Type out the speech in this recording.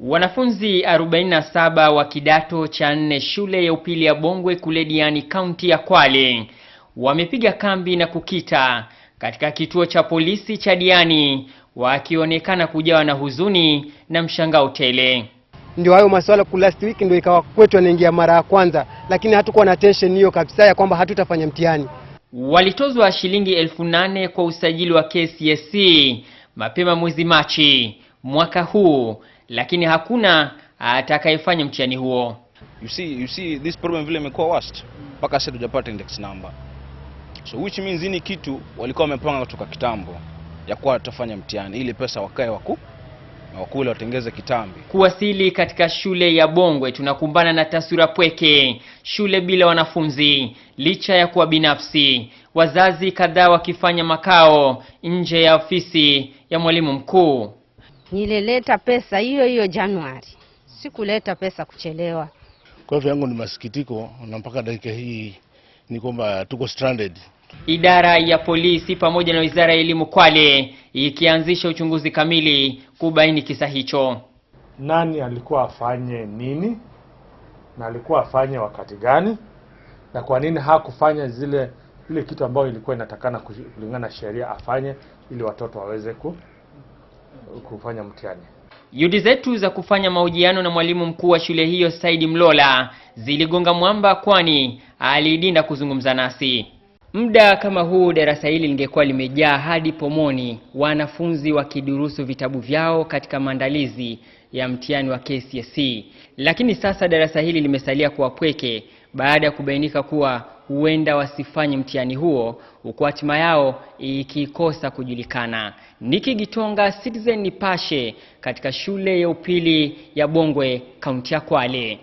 Wanafunzi 47 wa kidato cha nne shule ya upili ya Bongwe kule Diani kaunti ya Kwale wamepiga kambi na kukita katika kituo cha polisi cha Diani wakionekana kujawa na huzuni na mshangao tele. Ndio hayo masuala ku last week ndio ikawa kwetu anaingia mara ya kwanza, lakini hatukuwa na tension hiyo kabisa ya kwamba hatutafanya mtihani. Walitozwa shilingi elfu nane kwa usajili wa KCSE mapema mwezi Machi mwaka huu lakini hakuna ah, atakayefanya mtihani huo. You see, you see this problem vile imekuwa worst mpaka sasa tujapata index number, so which means hii ni kitu walikuwa wamepanga kutoka kitambo ya kuwa watafanya mtihani ili pesa wakae waku na wakule watengeze kitambi. Kuwasili katika shule ya Bongwe, tunakumbana na taswira pweke, shule bila wanafunzi licha ya kuwa binafsi, wazazi kadhaa wakifanya makao nje ya ofisi ya mwalimu mkuu nilileta pesa hiyo hiyo Januari, sikuleta pesa kuchelewa. Kwa hivyo yangu ni masikitiko, na mpaka dakika hii ni kwamba tuko stranded. Idara ya polisi pamoja na wizara ya elimu Kwale ikianzisha uchunguzi kamili kubaini kisa hicho, nani alikuwa afanye nini na alikuwa afanye wakati gani na kwa nini hakufanya zile ile kitu ambayo ilikuwa inatakana kulingana na sheria afanye ili watoto waweze ku kufanya mtihani. Juhudi zetu za kufanya mahojiano na mwalimu mkuu wa shule hiyo Saidi Mlola ziligonga mwamba, kwani alidinda kuzungumza nasi. Muda kama huu darasa hili lingekuwa limejaa hadi pomoni, wanafunzi wakidurusu vitabu vyao katika maandalizi ya mtihani wa KCSE, lakini sasa darasa hili limesalia kuwa pweke baada ya kubainika kuwa huenda wasifanye mtihani huo huku hatima yao ikikosa kujulikana. Niki Gitonga, Citizen Nipashe, katika shule ya upili ya Bongwe, kaunti ya Kwale.